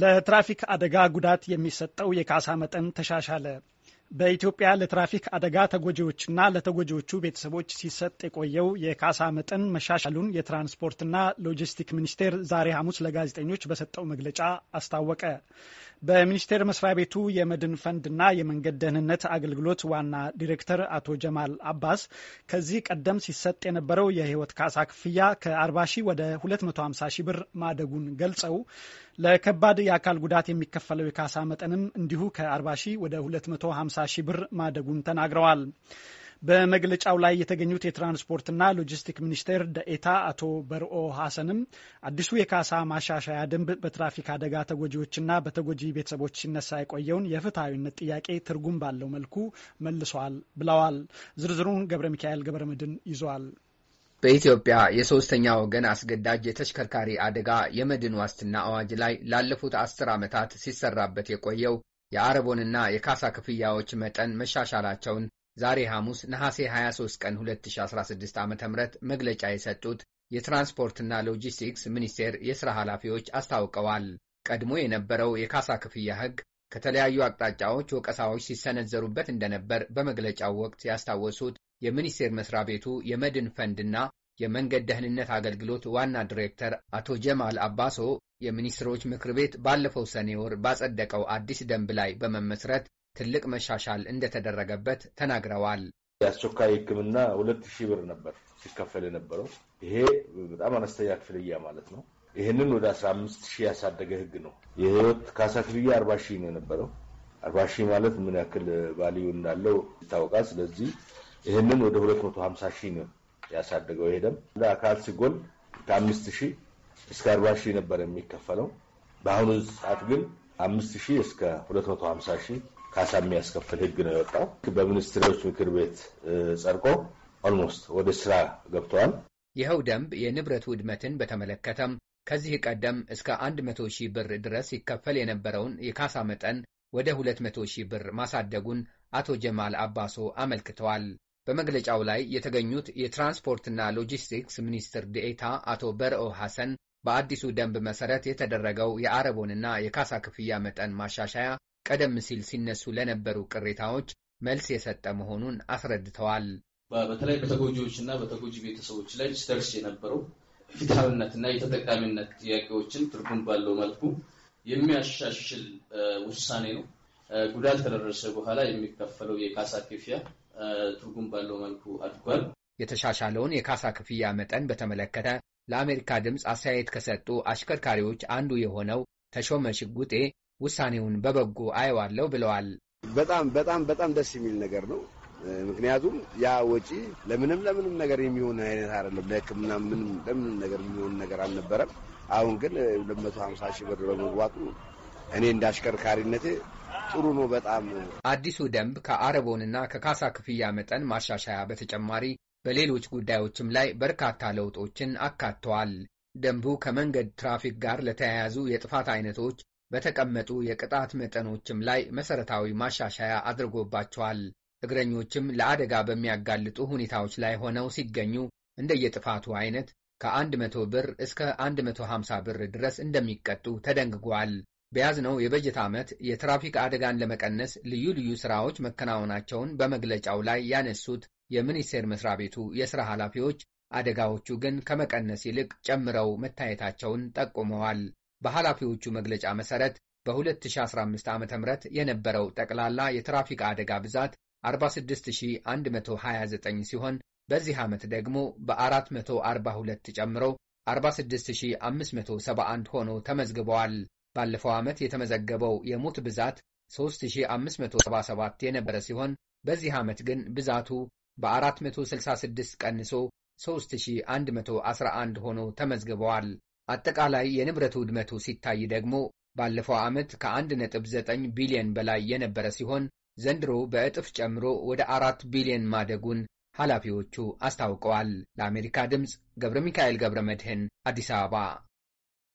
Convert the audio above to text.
ለትራፊክ አደጋ ጉዳት የሚሰጠው የካሳ መጠን ተሻሻለ። በኢትዮጵያ ለትራፊክ አደጋ ተጎጂዎችና ለተጎጂዎቹ ቤተሰቦች ሲሰጥ የቆየው የካሳ መጠን መሻሻሉን የትራንስፖርትና ሎጂስቲክ ሚኒስቴር ዛሬ ሐሙስ ለጋዜጠኞች በሰጠው መግለጫ አስታወቀ። በሚኒስቴር መስሪያ ቤቱ የመድን ፈንድና የመንገድ ደህንነት አገልግሎት ዋና ዲሬክተር አቶ ጀማል አባስ ከዚህ ቀደም ሲሰጥ የነበረው የህይወት ካሳ ክፍያ ከ40 ሺህ ወደ 250 ሺህ ብር ማደጉን ገልጸው ለከባድ የአካል ጉዳት የሚከፈለው የካሳ መጠንም እንዲሁ ከ40 ሺህ ወደ 250 50 ሺህ ብር ማደጉን ተናግረዋል። በመግለጫው ላይ የተገኙት የትራንስፖርትና ሎጂስቲክ ሚኒስቴር ደኤታ አቶ በርኦ ሀሰንም አዲሱ የካሳ ማሻሻያ ደንብ በትራፊክ አደጋ ተጎጂዎችና በተጎጂ ቤተሰቦች ሲነሳ የቆየውን የፍትሐዊነት ጥያቄ ትርጉም ባለው መልኩ መልሷል ብለዋል። ዝርዝሩን ገብረ ሚካኤል ገብረ መድን ይዟል። በኢትዮጵያ የሶስተኛ ወገን አስገዳጅ የተሽከርካሪ አደጋ የመድን ዋስትና አዋጅ ላይ ላለፉት አስር ዓመታት ሲሰራበት የቆየው የአረቦንና የካሳ ክፍያዎች መጠን መሻሻላቸውን ዛሬ ሐሙስ ነሐሴ 23 ቀን 2016 ዓ ም መግለጫ የሰጡት የትራንስፖርትና ሎጂስቲክስ ሚኒስቴር የሥራ ኃላፊዎች አስታውቀዋል። ቀድሞ የነበረው የካሳ ክፍያ ሕግ ከተለያዩ አቅጣጫዎች ወቀሳዎች ሲሰነዘሩበት እንደነበር በመግለጫው ወቅት ያስታወሱት የሚኒስቴር መስሪያ ቤቱ የመድን ፈንድና የመንገድ ደህንነት አገልግሎት ዋና ዲሬክተር አቶ ጀማል አባሶ የሚኒስትሮች ምክር ቤት ባለፈው ሰኔ ወር ባጸደቀው አዲስ ደንብ ላይ በመመስረት ትልቅ መሻሻል እንደተደረገበት ተናግረዋል። የአስቸኳይ ሕክምና ሁለት ሺህ ብር ነበር ሲከፈል የነበረው። ይሄ በጣም አነስተኛ ክፍልያ ማለት ነው። ይህንን ወደ አስራ አምስት ሺህ ያሳደገ ህግ ነው። የህይወት ካሳ ክፍያ አርባ ሺህ ነው የነበረው። አርባ ሺህ ማለት ምን ያክል ቫሊዩ እንዳለው ይታወቃል። ስለዚህ ይህንን ወደ ሁለት መቶ ሀምሳ ሺህ ነው ያሳደገው። ይሄ ደም አካል ሲጎል ከአምስት ሺህ እስከ አርባ ሺህ ነበር የሚከፈለው። በአሁኑ ሰዓት ግን አምስት ሺህ እስከ ሁለት መቶ ሀምሳ ሺህ ካሳ የሚያስከፍል ህግ ነው የወጣው። በሚኒስትሮች ምክር ቤት ጸድቆ ኦልሞስት ወደ ስራ ገብተዋል። ይኸው ደንብ የንብረት ውድመትን በተመለከተም ከዚህ ቀደም እስከ 100 ሺህ ብር ድረስ ይከፈል የነበረውን የካሳ መጠን ወደ 200 ሺህ ብር ማሳደጉን አቶ ጀማል አባሶ አመልክተዋል። በመግለጫው ላይ የተገኙት የትራንስፖርትና ሎጂስቲክስ ሚኒስትር ዴኤታ አቶ በርኦ ሐሰን በአዲሱ ደንብ መሰረት የተደረገው የአረቦንና የካሳ ክፍያ መጠን ማሻሻያ ቀደም ሲል ሲነሱ ለነበሩ ቅሬታዎች መልስ የሰጠ መሆኑን አስረድተዋል። በተለይ በተጎጂዎች እና በተጎጂ ቤተሰቦች ላይ ሲደርስ የነበረው ፍትሐዊነት እና የተጠቃሚነት ጥያቄዎችን ትርጉም ባለው መልኩ የሚያሻሽል ውሳኔ ነው። ጉዳት ከደረሰ በኋላ የሚከፈለው የካሳ ክፍያ ትርጉም ባለው መልኩ አድጓል። የተሻሻለውን የካሳ ክፍያ መጠን በተመለከተ ለአሜሪካ ድምፅ አስተያየት ከሰጡ አሽከርካሪዎች አንዱ የሆነው ተሾመ ሽጉጤ ውሳኔውን በበጎ አየዋለሁ ብለዋል። በጣም በጣም በጣም ደስ የሚል ነገር ነው። ምክንያቱም ያ ወጪ ለምንም ለምንም ነገር የሚሆን አይነት አይደለም። ለሕክምና ምንም ለምንም ነገር የሚሆን ነገር አልነበረም። አሁን ግን 250 ሺህ ብር በመግባቱ እኔ እንደ አሽከርካሪነቴ ጥሩ ነው በጣም። አዲሱ ደንብ ከአረቦንና ከካሳ ክፍያ መጠን ማሻሻያ በተጨማሪ በሌሎች ጉዳዮችም ላይ በርካታ ለውጦችን አካተዋል። ደንቡ ከመንገድ ትራፊክ ጋር ለተያያዙ የጥፋት አይነቶች በተቀመጡ የቅጣት መጠኖችም ላይ መሰረታዊ ማሻሻያ አድርጎባቸዋል። እግረኞችም ለአደጋ በሚያጋልጡ ሁኔታዎች ላይ ሆነው ሲገኙ እንደየጥፋቱ አይነት ከ100 ብር እስከ 150 ብር ድረስ እንደሚቀጡ ተደንግጓል። በያዝነው የበጀት ዓመት የትራፊክ አደጋን ለመቀነስ ልዩ ልዩ ሥራዎች መከናወናቸውን በመግለጫው ላይ ያነሱት የሚኒስቴር መስሪያ ቤቱ የሥራ ኃላፊዎች አደጋዎቹ ግን ከመቀነስ ይልቅ ጨምረው መታየታቸውን ጠቁመዋል። በኃላፊዎቹ መግለጫ መሠረት በ2015 ዓ ም የነበረው ጠቅላላ የትራፊክ አደጋ ብዛት 46129 ሲሆን በዚህ ዓመት ደግሞ በ442 ጨምሮ 46571 ሆኖ ተመዝግበዋል። ባለፈው ዓመት የተመዘገበው የሙት ብዛት 3577 የነበረ ሲሆን በዚህ ዓመት ግን ብዛቱ በ466 ቀንሶ 3111 ሆኖ ተመዝግበዋል። አጠቃላይ የንብረት ውድመቱ ሲታይ ደግሞ ባለፈው ዓመት ከ1.9 ቢሊዮን በላይ የነበረ ሲሆን ዘንድሮ በዕጥፍ ጨምሮ ወደ አራት ቢሊዮን ማደጉን ኃላፊዎቹ አስታውቀዋል። ለአሜሪካ ድምፅ ገብረ ሚካኤል ገብረ መድህን አዲስ አበባ